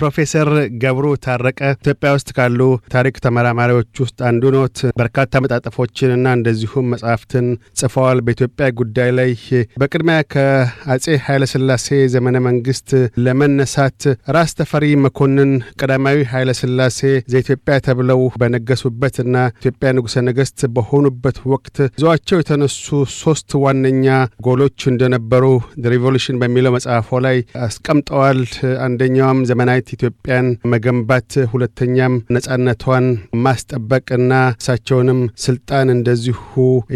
ፕሮፌሰር ገብሩ ታረቀ ኢትዮጵያ ውስጥ ካሉ ታሪክ ተመራማሪዎች ውስጥ አንዱ ኖት። በርካታ መጣጥፎችንና እንደዚሁም መጽሐፍትን ጽፈዋል በኢትዮጵያ ጉዳይ ላይ። በቅድሚያ ከአጼ ስላሴ ዘመነ መንግስት ለመነሳት ራስ ተፈሪ መኮንን ቀዳማዊ ስላሴ ዘኢትዮጵያ ተብለው በነገሱበት ኢትዮጵያ ንጉሠ ነገሥት በሆኑበት ወቅት ይዘዋቸው የተነሱ ሶስት ዋነኛ ጎሎች እንደነበሩ ሪቮሉሽን በሚለው መጽሐፎ ላይ አስቀምጠዋል። አንደኛውም ዘመናዊ ሀገራት ኢትዮጵያን መገንባት፣ ሁለተኛም ነጻነቷን ማስጠበቅና እሳቸውንም ስልጣን እንደዚሁ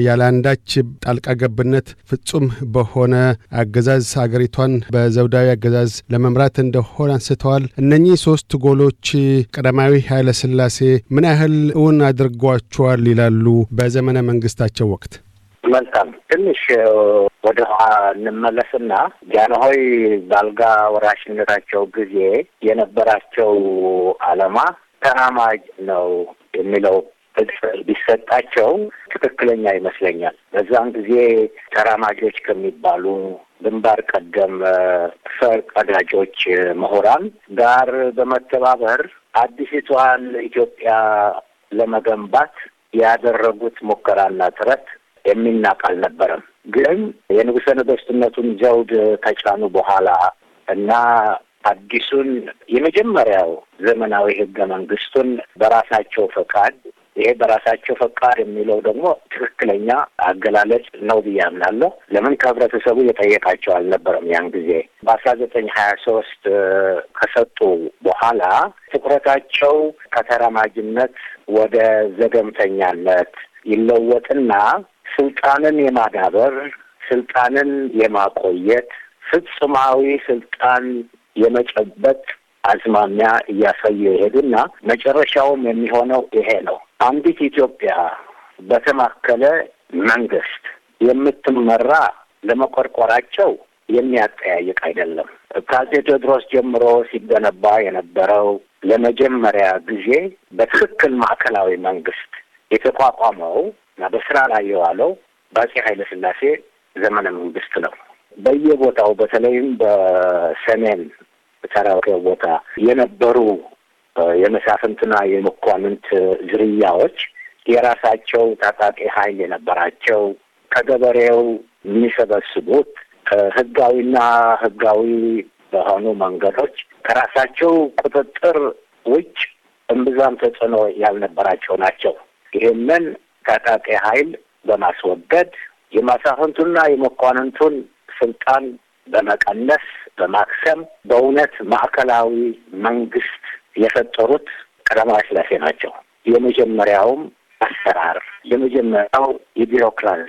ያለአንዳች ጣልቃ ገብነት ፍጹም በሆነ አገዛዝ አገሪቷን በዘውዳዊ አገዛዝ ለመምራት እንደሆነ አንስተዋል። እነኚህ ሶስት ጎሎች ቀዳማዊ ኃይለ ሥላሴ ምን ያህል እውን አድርጓቸዋል ይላሉ? በዘመነ መንግስታቸው ወቅት መልካም ትንሽ ወደ ኋ እንመለስና ጃንሆይ በአልጋ ወራሽነታቸው ጊዜ የነበራቸው አለማ ተራማጅ ነው የሚለው ቢሰጣቸው ትክክለኛ ይመስለኛል። በዛን ጊዜ ተራማጆች ከሚባሉ ግንባር ቀደም ቀዳጆች ምሁራን ጋር በመተባበር አዲሲቷን ኢትዮጵያ ለመገንባት ያደረጉት ሙከራና ጥረት የሚናቅ አልነበረም። ግን የንጉሠ ነገሥትነቱን ዘውድ ከጫኑ በኋላ እና አዲሱን የመጀመሪያው ዘመናዊ ህገ መንግስቱን በራሳቸው ፈቃድ ይሄ በራሳቸው ፈቃድ የሚለው ደግሞ ትክክለኛ አገላለጽ ነው ብዬ አምናለሁ። ለምን ከህብረተሰቡ የጠየቃቸው አልነበረም። ያን ጊዜ በአስራ ዘጠኝ ሀያ ሶስት ከሰጡ በኋላ ትኩረታቸው ከተራማጅነት ወደ ዘገምተኛነት ይለወጥና ስልጣንን የማዳበር ስልጣንን የማቆየት ፍጹማዊ ስልጣን የመጨበጥ አዝማሚያ እያሳዩ ይሄድና መጨረሻውም የሚሆነው ይሄ ነው። አንዲት ኢትዮጵያ በተማከለ መንግስት የምትመራ ለመቆርቆራቸው የሚያጠያይቅ አይደለም። ከአጼ ቴዎድሮስ ጀምሮ ሲገነባ የነበረው ለመጀመሪያ ጊዜ በትክክል ማዕከላዊ መንግስት የተቋቋመው እና በስራ ላይ የዋለው በአጼ ኃይለ ስላሴ ዘመነ መንግስት ነው። በየቦታው በተለይም በሰሜን ተራራዊ ቦታ የነበሩ የመሳፍንትና የመኳንንት ዝርያዎች የራሳቸው ታጣቂ ኃይል የነበራቸው ከገበሬው የሚሰበስቡት ህጋዊና ህጋዊ በሆኑ መንገዶች ከራሳቸው ቁጥጥር ውጭ እምብዛም ተጽዕኖ ያልነበራቸው ናቸው። ይህንን ታጣቂ ኃይል በማስወገድ የመሳፍንቱና የመኳንንቱን ስልጣን በመቀነስ በማክሰም በእውነት ማዕከላዊ መንግስት የፈጠሩት ቀዳማዊ ስላሴ ናቸው። የመጀመሪያውም አሰራር የመጀመሪያው የቢሮክራሲ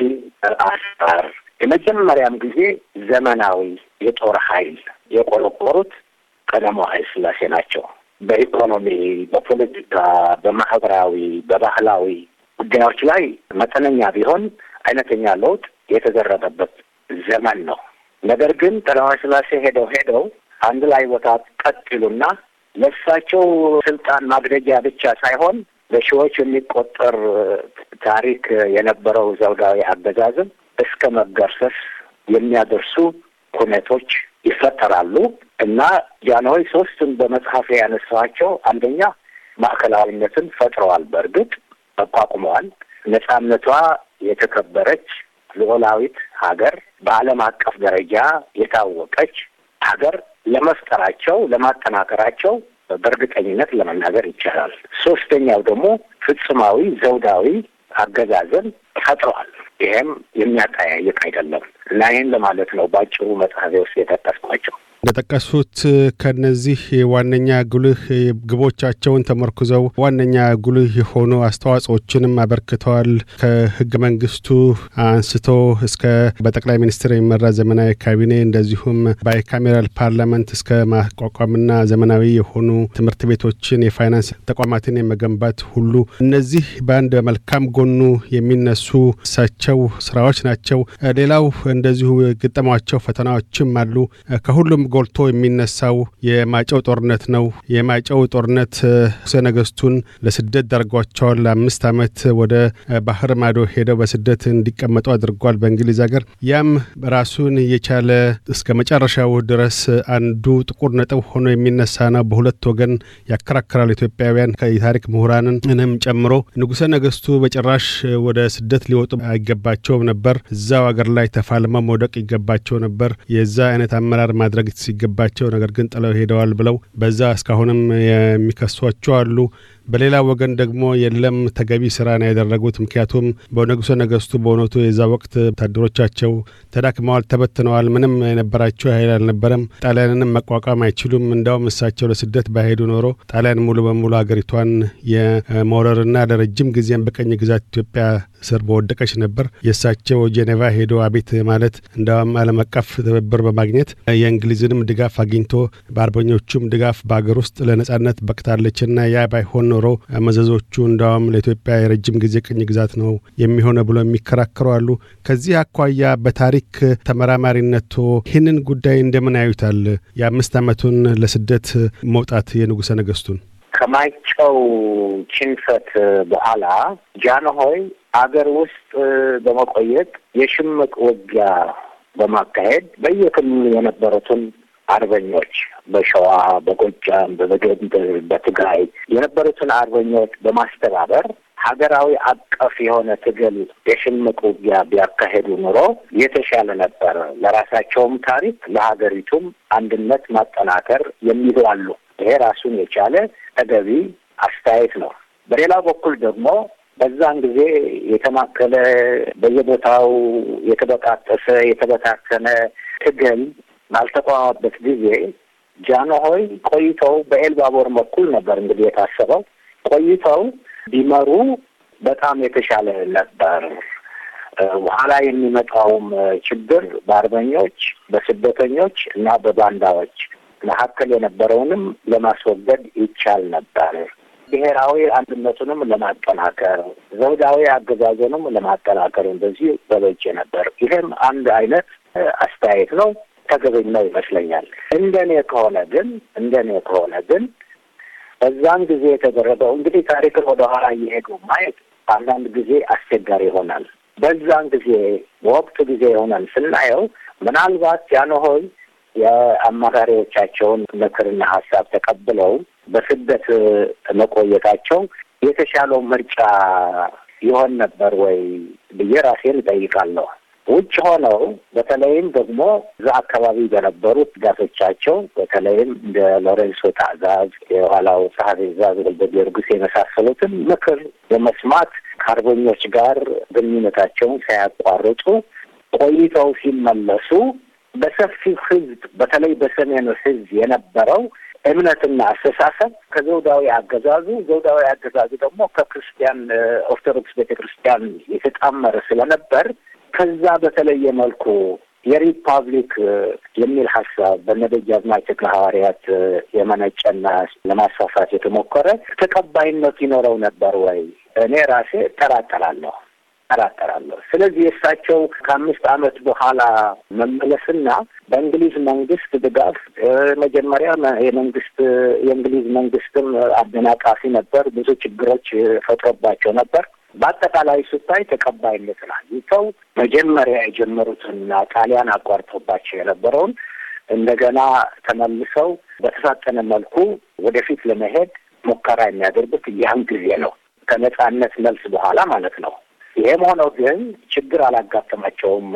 አሰራር የመጀመሪያም ጊዜ ዘመናዊ የጦር ኃይል የቆረቆሩት ቀዳማዊ ስላሴ ናቸው። በኢኮኖሚ፣ በፖለቲካ፣ በማህበራዊ፣ በባህላዊ ጉዳዮች ላይ መጠነኛ ቢሆን አይነተኛ ለውጥ የተደረገበት ዘመን ነው። ነገር ግን ቀዳማዊ ስላሴ ሄደው ሄደው አንድ ላይ ቦታ ቀጥሉና ይሉና ለእሳቸው ስልጣን ማግደጃ ብቻ ሳይሆን በሺዎች የሚቆጠር ታሪክ የነበረው ዘውዳዊ አገዛዝም እስከ መገርሰስ የሚያደርሱ ሁኔቶች ይፈጠራሉ እና ጃንሆይ ሶስቱን በመጽሐፍ ያነሳኋቸው አንደኛ ማዕከላዊነትን ፈጥረዋል። በእርግጥ ተቋቁመዋል። ነጻነቷ የተከበረች ልዑላዊት ሀገር በዓለም አቀፍ ደረጃ የታወቀች ሀገር ለመፍጠራቸው ለማጠናከራቸው በእርግጠኝነት ለመናገር ይቻላል። ሶስተኛው ደግሞ ፍጹማዊ ዘውዳዊ አገዛዘን ፈጥረዋል። ይሄም የሚያጠያይቅ አይደለም እና ይህን ለማለት ነው በአጭሩ መጽሐፌ ውስጥ የጠቀስኳቸው። እንደጠቀሱት ከነዚህ ዋነኛ ጉልህ ግቦቻቸውን ተመርኩዘው ዋነኛ ጉልህ የሆኑ አስተዋጽኦችንም አበርክተዋል። ከህገ መንግስቱ አንስቶ እስከ በጠቅላይ ሚኒስትር የሚመራ ዘመናዊ ካቢኔ እንደዚሁም ባይካሜራል ፓርላመንት እስከ ማቋቋምና ዘመናዊ የሆኑ ትምህርት ቤቶችን፣ የፋይናንስ ተቋማትን የመገንባት ሁሉ እነዚህ በአንድ መልካም ጎኑ የሚነሱ እሳቸው ስራዎች ናቸው። ሌላው እንደዚሁ የገጠሟቸው ፈተናዎችም አሉ። ከሁሉም ጎልቶ የሚነሳው የማይጨው ጦርነት ነው። የማይጨው ጦርነት ንጉሠ ነገሥቱን ለስደት ዳርጓቸዋል። ለአምስት ዓመት ወደ ባህር ማዶ ሄደው በስደት እንዲቀመጡ አድርጓል በእንግሊዝ ሀገር። ያም ራሱን የቻለ እስከ መጨረሻው ድረስ አንዱ ጥቁር ነጥብ ሆኖ የሚነሳ ነው። በሁለት ወገን ያከራክራል ኢትዮጵያውያን የታሪክ ምሁራንን እንም ጨምሮ ንጉሠ ነገሥቱ በጭራሽ ወደ ስደት ሊወጡ አይገባቸውም ነበር። እዛው ሀገር ላይ ተፋልመው መውደቅ ይገባቸው ነበር። የዛ አይነት አመራር ማድረግ ሲገባቸው ነገር ግን ጥለው ሄደዋል ብለው በዛ እስካሁንም የሚከሷቸው አሉ። በሌላ ወገን ደግሞ የለም ተገቢ ስራን ያደረጉት። ምክንያቱም በንጉሠ ነገሥቱ በእውነቱ የዛ ወቅት ወታደሮቻቸው ተዳክመዋል፣ ተበትነዋል። ምንም የነበራቸው ኃይል አልነበረም። ጣሊያንንም መቋቋም አይችሉም። እንዳውም እሳቸው ለስደት ባሄዱ ኖሮ ጣሊያን ሙሉ በሙሉ ሀገሪቷን የመውረርና ለረጅም ጊዜም በቀኝ ግዛት ኢትዮጵያ ስር በወደቀች ነበር። የእሳቸው ጄኔቫ ሄዶ አቤት ማለት እንዳውም ዓለም አቀፍ ትብብር በማግኘት የእንግሊዝንም ድጋፍ አግኝቶ በአርበኞቹም ድጋፍ በሀገር ውስጥ ለነጻነት በቅታለችና ያ ባይሆን ኖሮ መዘዞቹ እንዳውም ለኢትዮጵያ የረጅም ጊዜ ቅኝ ግዛት ነው የሚሆነ ብሎ የሚከራከሩ አሉ። ከዚህ አኳያ በታሪክ ተመራማሪነቶ ይህንን ጉዳይ እንደምን ያዩታል? የአምስት ዓመቱን ለስደት መውጣት የንጉሠ ነገሥቱን ከማይጨው ችንፈት በኋላ ጃንሆይ አገር ውስጥ በመቆየት የሽምቅ ውጊያ በማካሄድ በየክልሉ የነበሩትን አርበኞች በሸዋ፣ በጎጃም፣ በበጎንደር፣ በትግራይ የነበሩትን አርበኞች በማስተባበር ሀገራዊ አቀፍ የሆነ ትግል የሽምቅ ውጊያ ቢያካሄዱ ኑሮ የተሻለ ነበር፣ ለራሳቸውም ታሪክ ለሀገሪቱም አንድነት ማጠናከር የሚሉ አሉ። ይሄ ራሱን የቻለ ተገቢ አስተያየት ነው። በሌላ በኩል ደግሞ በዛን ጊዜ የተማከለ በየቦታው የተበጣጠሰ የተበታተነ ትግል ባልተቋማበት ጊዜ ጃንሆይ ቆይተው በኤልባቦር በኩል ነበር እንግዲህ የታሰበው ቆይተው ቢመሩ በጣም የተሻለ ነበር። በኋላ የሚመጣውም ችግር በአርበኞች፣ በስደተኞች እና በባንዳዎች መካከል የነበረውንም ለማስወገድ ይቻል ነበር። ብሔራዊ አንድነቱንም ለማጠናከር፣ ዘውዳዊ አገዛዘንም ለማጠናከር እንደዚህ በበጀ ነበር። ይህም አንድ አይነት አስተያየት ነው። ተገቢና ይመስለኛል። እንደኔ ከሆነ ግን እንደኔ ከሆነ ግን በዛን ጊዜ የተደረገው እንግዲህ ታሪክን ወደኋላ እየሄዱ ማየት አንዳንድ ጊዜ አስቸጋሪ ይሆናል። በዛን ጊዜ በወቅቱ ጊዜ የሆነን ስናየው ምናልባት ያንሆይ የአማካሪዎቻቸውን ምክርና ሀሳብ ተቀብለው በስደት መቆየታቸው የተሻለው ምርጫ ይሆን ነበር ወይ ብዬ ራሴን እጠይቃለሁ። ውጭ ሆነው በተለይም ደግሞ እዛ አካባቢ በነበሩት ጋቶቻቸው በተለይም እንደ ሎሬንሶ ታዕዛዝ፣ የኋላው ጸሐፌ ትእዛዝ ወልደ ጊዮርጊስ የመሳሰሉትን ምክር በመስማት ከአርበኞች ጋር ግንኙነታቸውን ሳያቋርጡ ቆይተው ሲመለሱ በሰፊው ህዝብ በተለይ በሰሜኑ ህዝብ የነበረው እምነትና አስተሳሰብ ከዘውዳዊ አገዛዙ ዘውዳዊ አገዛዙ ደግሞ ከክርስቲያን ኦርቶዶክስ ቤተ ክርስቲያን የተጣመረ ስለነበር ከዛ በተለየ መልኩ የሪፐብሊክ የሚል ሀሳብ በነደጃዝማች ተክለ ሐዋርያት የመነጨና ለማስፋፋት የተሞከረ ተቀባይነት ይኖረው ነበር ወይ? እኔ ራሴ ጠራጠራለሁ ጠራጠራለሁ። ስለዚህ የእሳቸው ከአምስት ዓመት በኋላ መመለስና በእንግሊዝ መንግስት ድጋፍ መጀመሪያ የመንግስት የእንግሊዝ መንግስትም አደናቃፊ ነበር፣ ብዙ ችግሮች ፈጥሮባቸው ነበር። በአጠቃላይ ስታይ ተቀባይነት ስላግኝተው መጀመሪያ የጀመሩትንና ጣሊያን አቋርጦባቸው የነበረውን እንደገና ተመልሰው በተፋጠነ መልኩ ወደፊት ለመሄድ ሙከራ የሚያደርጉት ያን ጊዜ ነው፣ ከነጻነት መልስ በኋላ ማለት ነው። ይሄም ሆነው ግን ችግር አላጋጠማቸውም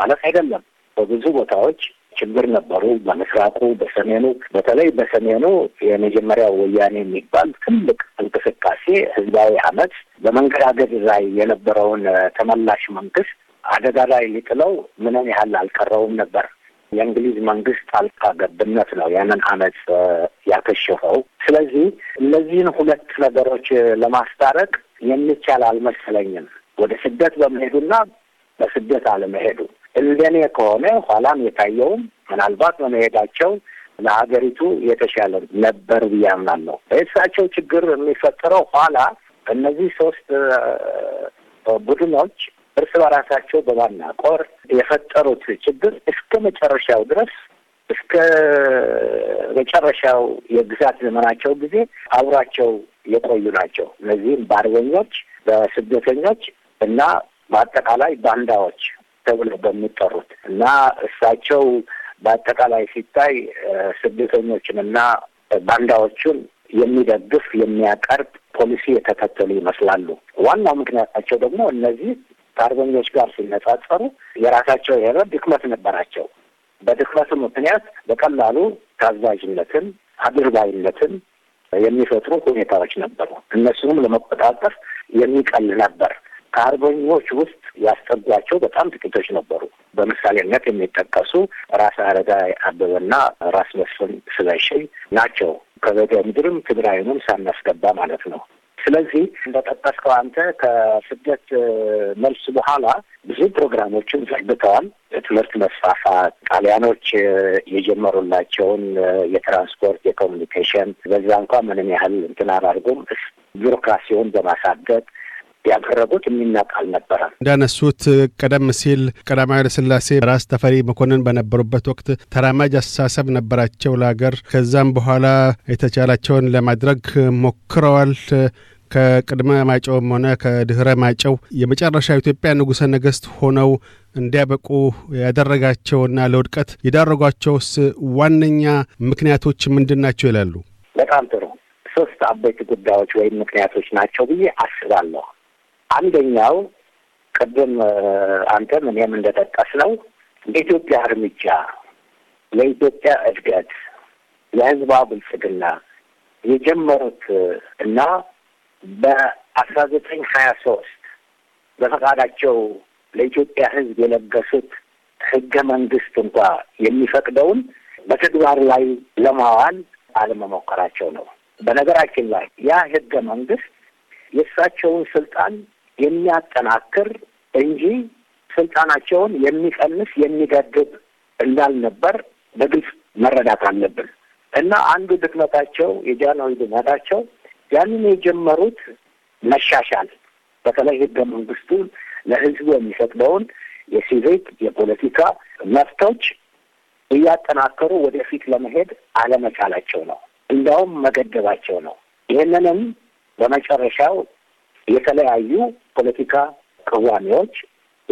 ማለት አይደለም። በብዙ ቦታዎች ችግር ነበሩ። በምስራቁ፣ በሰሜኑ በተለይ በሰሜኑ የመጀመሪያው ወያኔ የሚባል ትልቅ እንቅስቃሴ ህዝባዊ አመት በመንገዳገድ ላይ የነበረውን ተመላሽ መንግስት አደጋ ላይ ሊጥለው ምንም ያህል አልቀረውም ነበር። የእንግሊዝ መንግስት ጣልቃ ገብነት ነው ያንን አመት ያከሸፈው። ስለዚህ እነዚህን ሁለት ነገሮች ለማስታረቅ የሚቻል አልመሰለኝም። ወደ ስደት በመሄዱና በስደት አለመሄዱ እንደኔ ከሆነ ኋላም የታየውም ምናልባት በመሄዳቸው ለሀገሪቱ የተሻለ ነበር ብዬ አምናለሁ። የእሳቸው ችግር የሚፈጠረው ኋላ እነዚህ ሶስት ቡድኖች እርስ በራሳቸው በማናቆር የፈጠሩት ችግር እስከ መጨረሻው ድረስ እስከ መጨረሻው የግዛት ዘመናቸው ጊዜ አብሯቸው የቆዩ ናቸው። እነዚህም በአርበኞች፣ በስደተኞች እና በአጠቃላይ ባንዳዎች ተብለው በሚጠሩት እና እሳቸው በአጠቃላይ ሲታይ ስደተኞችንና ባንዳዎቹን የሚደግፍ የሚያቀርብ ፖሊሲ የተከተሉ ይመስላሉ። ዋናው ምክንያታቸው ደግሞ እነዚህ ከአርበኞች ጋር ሲነጻጸሩ የራሳቸው የሆነ ድክመት ነበራቸው። በድክመቱ ምክንያት በቀላሉ ታዛዥነትን፣ አድርባይነትን የሚፈጥሩ ሁኔታዎች ነበሩ። እነሱንም ለመቆጣጠር የሚቀል ነበር። ከአርበኞች ውስጥ ያስጠጓቸው በጣም ጥቂቶች ነበሩ። በምሳሌነት የሚጠቀሱ ራስ አረጋይ አበበና ራስ መስፍን ስለሺ ናቸው። ከዘደ ምድርም ትግራይንም ሳናስገባ ማለት ነው። ስለዚህ እንደጠቀስከው አንተ ከስደት መልስ በኋላ ብዙ ፕሮግራሞችን ዘርግተዋል። የትምህርት መስፋፋት፣ ጣሊያኖች የጀመሩላቸውን የትራንስፖርት የኮሚኒኬሽን፣ በዛ እንኳ ምንም ያህል እንትን አላርጉም ቢሮክራሲውን በማሳደግ ያቀረቡት የሚናቃል ነበረ። እንዳነሱት ቀደም ሲል ቀዳማዊ ለስላሴ ራስ ተፈሪ መኮንን በነበሩበት ወቅት ተራማጅ አስተሳሰብ ነበራቸው ለሀገር። ከዛም በኋላ የተቻላቸውን ለማድረግ ሞክረዋል። ከቅድመ ማጨውም ሆነ ከድህረ ማጨው የመጨረሻ ኢትዮጵያ ንጉሠ ነገሥት ሆነው እንዲያበቁ ያደረጋቸውና ለውድቀት የዳረጓቸውስ ዋነኛ ምክንያቶች ምንድን ናቸው ይላሉ። በጣም ጥሩ ሶስት አበይት ጉዳዮች ወይም ምክንያቶች ናቸው ብዬ አስባለሁ። አንደኛው ቅድም አንተም እኔም እንደጠቀስ ነው ለኢትዮጵያ እርምጃ፣ ለኢትዮጵያ እድገት፣ ለሕዝቧ ብልጽግና የጀመሩት እና በአስራ ዘጠኝ ሀያ ሶስት በፈቃዳቸው ለኢትዮጵያ ህዝብ የለገሱት ህገ መንግስት እንኳ የሚፈቅደውን በተግባር ላይ ለማዋል አለመሞከራቸው ነው። በነገራችን ላይ ያ ህገ መንግስት የእሳቸውን ስልጣን የሚያጠናክር እንጂ ስልጣናቸውን የሚቀንስ የሚገድብ እንዳልነበር በግልጽ መረዳት አለብን እና አንዱ ድክመታቸው የጃንሆይ ድክመታቸው ያንን የጀመሩት መሻሻል በተለይ ህገ መንግስቱ ለህዝቡ የሚፈቅደውን የሲቪክ የፖለቲካ መብቶች እያጠናከሩ ወደፊት ለመሄድ አለመቻላቸው ነው። እንዲያውም መገደባቸው ነው። ይህንንም በመጨረሻው የተለያዩ ፖለቲካ ቅዋሜዎች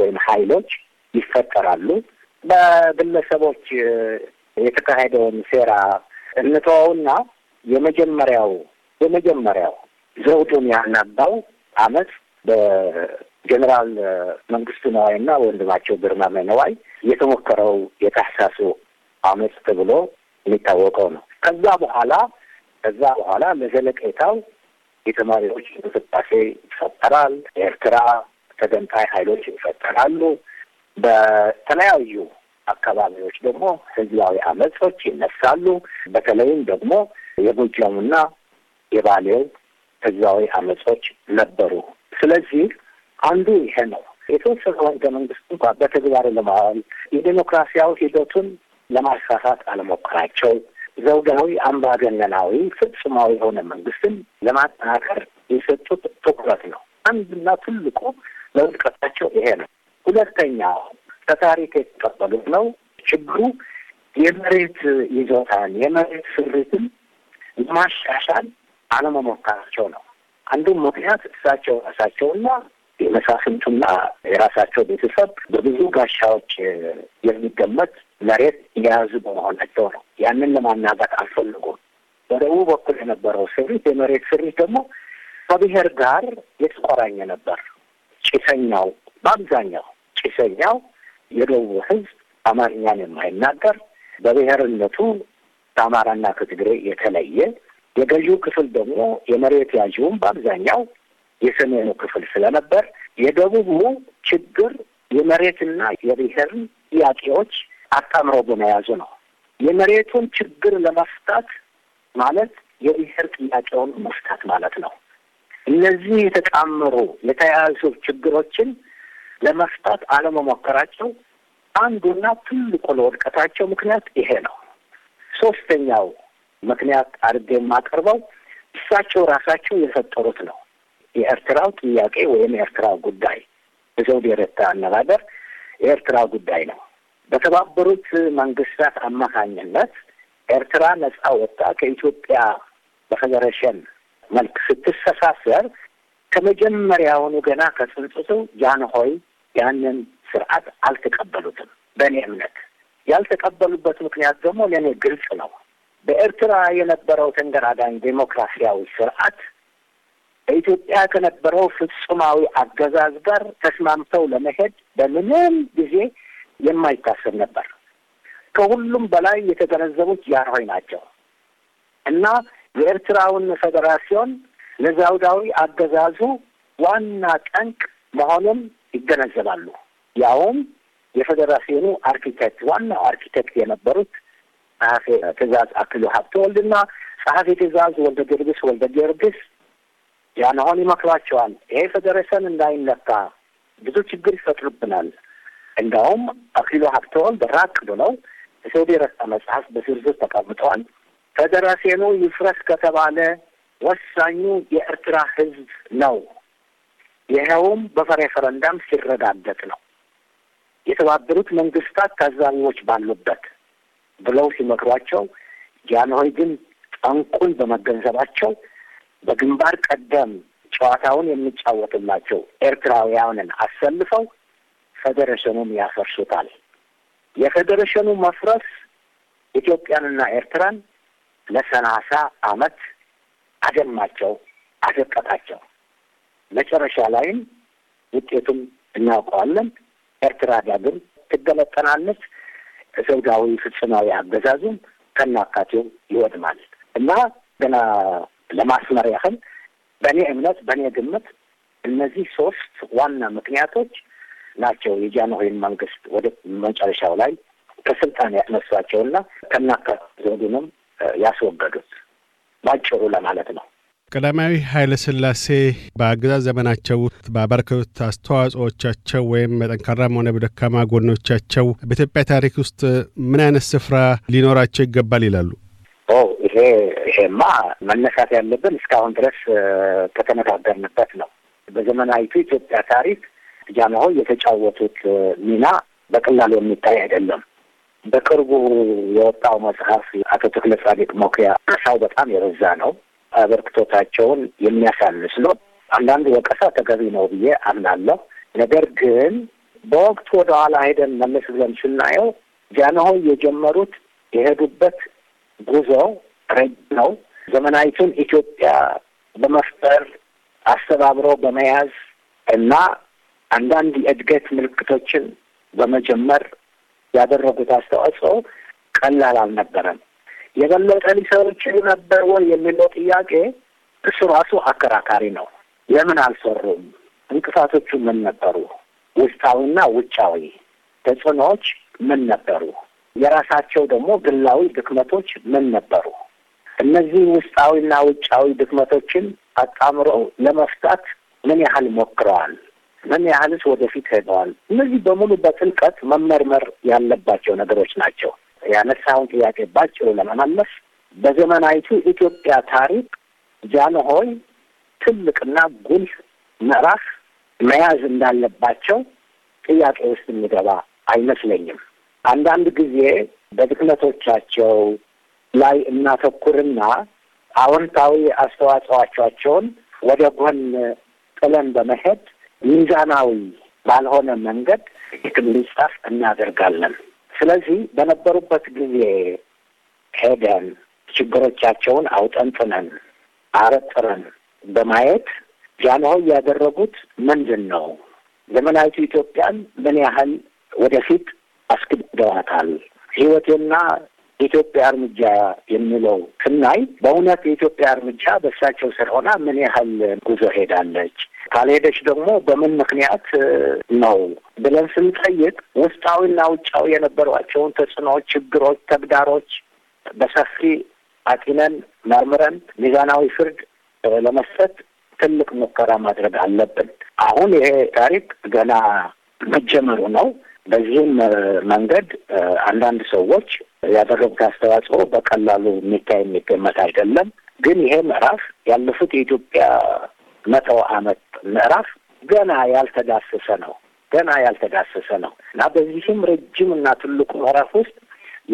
ወይም ሀይሎች ይፈጠራሉ። በግለሰቦች የተካሄደውን ሴራ እንተወውና የመጀመሪያው የመጀመሪያው ዘውጡን ያናባው አመት በጀኔራል መንግስቱ ነዋይና ወንድማቸው ግርማሜ ነዋይ የተሞከረው የታህሳሱ አመት ተብሎ የሚታወቀው ነው። ከዛ በኋላ ከዛ በኋላ ለዘለቄታው የተማሪዎች እንቅስቃሴ ይፈጠራል። ኤርትራ ተገንጣይ ኃይሎች ይፈጠራሉ። በተለያዩ አካባቢዎች ደግሞ ህዝባዊ አመጾች ይነሳሉ። በተለይም ደግሞ የጎጃሙና የባሌው ህዝባዊ አመጾች ነበሩ። ስለዚህ አንዱ ይሄ ነው። የተወሰነ ህገ መንግስት እንኳ በተግባር ለማዋል የዴሞክራሲያዊ ሂደቱን ለማስፋፋት አለሞከራቸው ዘውዳዊ አምባገነናዊ ፍጹማዊ የሆነ መንግስትን ለማጠናከር የሰጡት ትኩረት ነው። አንድና ትልቁ ለውድቀታቸው ይሄ ነው። ሁለተኛው ከታሪክ የተቀበሉት ነው። ችግሩ የመሬት ይዞታን የመሬት ስሪትን ለማሻሻል አለመሞከራቸው ነው። አንዱ ምክንያት እሳቸው ራሳቸውና የመሳፍንቱና የራሳቸው ቤተሰብ በብዙ ጋሻዎች የሚገመት መሬት የያዙ በመሆናቸው ነው። ያንን ለማናጋት አልፈልጉም። በደቡብ በኩል የነበረው ስሪት የመሬት ስሪት ደግሞ ከብሔር ጋር የተቆራኘ ነበር። ጭሰኛው በአብዛኛው ጭሰኛው የደቡብ ህዝብ አማርኛን የማይናገር በብሔርነቱ ከአማራና ከትግሬ የተለየ የገዢው ክፍል ደግሞ የመሬት ያዥውም በአብዛኛው የሰሜኑ ክፍል ስለነበር የደቡቡ ችግር የመሬትና የብሔርን ጥያቄዎች አጣምሮ በመያዙ ነው። የመሬቱን ችግር ለመፍታት ማለት የብሔር ጥያቄውን መፍታት ማለት ነው። እነዚህ የተጣመሩ የተያያዙ ችግሮችን ለመፍታት አለመሞከራቸው አንዱና ትልቁ ለውድቀታቸው ምክንያት ይሄ ነው። ሶስተኛው ምክንያት አድርጌ የማቀርበው እሳቸው ራሳቸው የፈጠሩት ነው። የኤርትራው ጥያቄ ወይም የኤርትራው ጉዳይ በዘውድ የረታ አነጋገር የኤርትራ ጉዳይ ነው። በተባበሩት መንግስታት አማካኝነት ኤርትራ ነጻ ወጣ ከኢትዮጵያ በፌዴሬሽን መልክ ስትተሳሰር ከመጀመሪያውኑ ገና ከጽንጽቱ ጃንሆይ ያንን ስርዓት አልተቀበሉትም። በእኔ እምነት ያልተቀበሉበት ምክንያት ደግሞ ለእኔ ግልጽ ነው። በኤርትራ የነበረው ተንገራዳኝ ዴሞክራሲያዊ ስርዓት በኢትዮጵያ ከነበረው ፍጹማዊ አገዛዝ ጋር ተስማምተው ለመሄድ በምንም ጊዜ የማይታሰብ ነበር። ከሁሉም በላይ የተገነዘቡት ያርሆይ ናቸው እና የኤርትራውን ፌዴራሲዮን ለዛውዳዊ አገዛዙ ዋና ጠንቅ መሆኑን ይገነዘባሉ። ያውም የፌዴራሲዮኑ አርኪቴክት ዋናው አርኪቴክት የነበሩት ጸሐፌ ትእዛዝ አክሉ ሀብተወልድና ጸሐፌ ትእዛዝ ወልደ ጊዮርጊስ ወልደ ጊዮርጊስ ያን ይመክሯቸዋል ይመክራቸዋል። ይሄ ፌዴሬሽን እንዳይነካ ብዙ ችግር ይፈጥሩብናል። እንደውም አክሊሉ ሀብተወልድ ራቅ ብለው የሰውዲ ረሳ መጽሐፍ በዝርዝር ተቀምጠዋል። ፌዴሬሽኑ ይፍረስ ከተባለ ወሳኙ የኤርትራ ህዝብ ነው። ይኸውም በሬፈረንዳም ሲረጋገጥ ነው የተባበሩት መንግስታት ታዛቢዎች ባሉበት ብለው ሲመክሯቸው ጃንሆይ ግን ጠንቁን በመገንዘባቸው በግንባር ቀደም ጨዋታውን የሚጫወትላቸው ኤርትራውያንን አሰልፈው ፌዴሬሽኑን ያፈርሱታል። የፌዴሬሽኑ መፍረስ ኢትዮጵያንና ኤርትራን ለሰላሳ አመት አደማቸው፣ አደቀጣቸው። መጨረሻ ላይም ውጤቱም እናውቀዋለን። ኤርትራ ዳግም ትገለጠናለች። ሰውዳዊ ፍጹማዊ አገዛዙም ከናካቴው ይወድማል እና ገና ለማስመር ያህል በእኔ እምነት በእኔ ግምት እነዚህ ሶስት ዋና ምክንያቶች ናቸው የጃንሆይን መንግስት ወደ መጨረሻው ላይ ከስልጣን ያስነሷቸውና ከናካቴ ዘውዱንም ያስወገዱት ባጭሩ ለማለት ነው። ቀዳማዊ ኃይለ ሥላሴ በአገዛዝ ዘመናቸው ውስጥ ባበረከቱት አስተዋጽኦቻቸው ወይም በጠንካራም ሆነ በደካማ ጎኖቻቸው በኢትዮጵያ ታሪክ ውስጥ ምን አይነት ስፍራ ሊኖራቸው ይገባል ይላሉ? ይሄ ይሄማ መነሳት ያለብን እስካሁን ድረስ ከተነጋገርንበት ነው። በዘመናዊቱ ኢትዮጵያ ታሪክ ጃንሆ የተጫወቱት ሚና በቀላሉ የሚታይ አይደለም። በቅርቡ የወጣው መጽሐፍ አቶ ተክለ ጻድቅ መኩሪያ በጣም የበዛ ነው። አበርክቶታቸውን የሚያሳንስ ነው። አንዳንድ ወቀሳ ተገቢ ነው ብዬ አምናለሁ። ነገር ግን በወቅቱ ወደኋላ ሄደን መለስ ብለን ስናየው ጃንሆይ የጀመሩት የሄዱበት ጉዞ ነው። ዘመናዊቱን ኢትዮጵያ በመፍጠር አስተባብሮ በመያዝ እና አንዳንድ የእድገት ምልክቶችን በመጀመር ያደረጉት አስተዋጽኦ ቀላል አልነበረም። የበለጠ ሊሰሩ ይችሉ ነበር ወይ የሚለው ጥያቄ እሱ ራሱ አከራካሪ ነው። ለምን አልሰሩም? እንቅፋቶቹ ምን ነበሩ? ውስጣዊና ውጫዊ ተጽዕኖዎች ምን ነበሩ? የራሳቸው ደግሞ ግላዊ ድክመቶች ምን ነበሩ? እነዚህ ውስጣዊና ውጫዊ ድክመቶችን አጣምረው ለመፍታት ምን ያህል ሞክረዋል? ምን ያህልስ ወደፊት ሄደዋል? እነዚህ በሙሉ በጥልቀት መመርመር ያለባቸው ነገሮች ናቸው። ያነሳውን ጥያቄ ባጭሩ ለመመለስ በዘመናዊቱ ኢትዮጵያ ታሪክ ጃንሆይ ትልቅና ጉልህ ምዕራፍ መያዝ እንዳለባቸው ጥያቄ ውስጥ የሚገባ አይመስለኝም። አንዳንድ ጊዜ በድክመቶቻቸው ላይ እናተኩርና አዎንታዊ አስተዋጽኦቻቸውን ወደ ጎን ጥለን በመሄድ ሚዛናዊ ባልሆነ መንገድ ይህ እንዲጻፍ እናደርጋለን። ስለዚህ በነበሩበት ጊዜ ሄደን ችግሮቻቸውን አውጠንጥነን አረጥረን በማየት ጃንሆይ ያደረጉት ምንድን ነው? ዘመናዊቱ ኢትዮጵያን ምን ያህል ወደፊት አስገድደዋታል? ህይወቴና የኢትዮጵያ እርምጃ የሚለው ስናይ በእውነት የኢትዮጵያ እርምጃ በእሳቸው ስር ሆና ምን ያህል ጉዞ ሄዳለች፣ ካልሄደች ደግሞ በምን ምክንያት ነው ብለን ስንጠይቅ ውስጣዊና ውጫዊ የነበሯቸውን ተጽዕኖዎች፣ ችግሮች፣ ተግዳሮች በሰፊ አጢነን መርምረን ሚዛናዊ ፍርድ ለመስጠት ትልቅ ሙከራ ማድረግ አለብን። አሁን ይሄ ታሪክ ገና መጀመሩ ነው። በዚህም መንገድ አንዳንድ ሰዎች ያደረጉት አስተዋጽኦ በቀላሉ የሚታይ የሚገመት አይደለም። ግን ይሄ ምዕራፍ ያለፉት የኢትዮጵያ መቶ ዓመት ምዕራፍ ገና ያልተዳሰሰ ነው ገና ያልተዳሰሰ ነው እና በዚህም ረጅም እና ትልቁ ምዕራፍ ውስጥ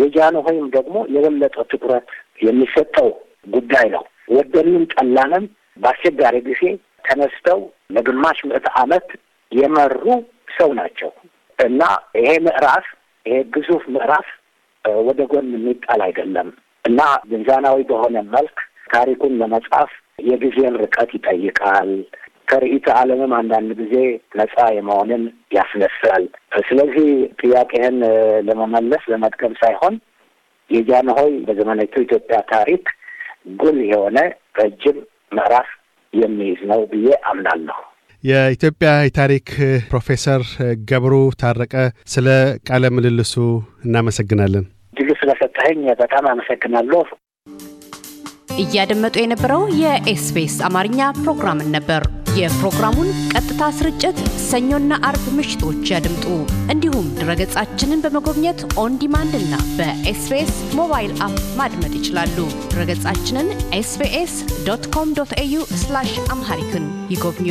የጃንሆይም ደግሞ የበለጠ ትኩረት የሚሰጠው ጉዳይ ነው። ወደንም ጠላንም በአስቸጋሪ ጊዜ ተነስተው ለግማሽ ምዕተ ዓመት የመሩ ሰው ናቸው። እና ይሄ ምዕራፍ ይሄ ግዙፍ ምዕራፍ ወደ ጎን የሚጣል አይደለም እና ሚዛናዊ በሆነ መልክ ታሪኩን ለመጻፍ የጊዜን ርቀት ይጠይቃል። ከርኢተ ዓለምም አንዳንድ ጊዜ ነጻ የመሆንን ያስነሳል። ስለዚህ ጥያቄህን ለመመለስ ለመጥቀም ሳይሆን የጃንሆይ በዘመናዊቱ ኢትዮጵያ ታሪክ ጉል የሆነ ረጅም ምዕራፍ የሚይዝ ነው ብዬ አምናለሁ። የኢትዮጵያ የታሪክ ፕሮፌሰር ገብሩ ታረቀ ስለ ቃለ ምልልሱ እናመሰግናለን። ድሉ ስለሰጠኸኝ በጣም አመሰግናለሁ። እያደመጡ የነበረው የኤስቢኤስ አማርኛ ፕሮግራምን ነበር። የፕሮግራሙን ቀጥታ ስርጭት ሰኞና አርብ ምሽቶች ያድምጡ። እንዲሁም ድረገጻችንን በመጎብኘት ኦን ዲማንድ እና በኤስቢኤስ ሞባይል አፕ ማድመጥ ይችላሉ። ድረገጻችንን ኤስቢኤስ ዶት ኮም ዶት ኤዩ አምሃሪክን ይጎብኙ።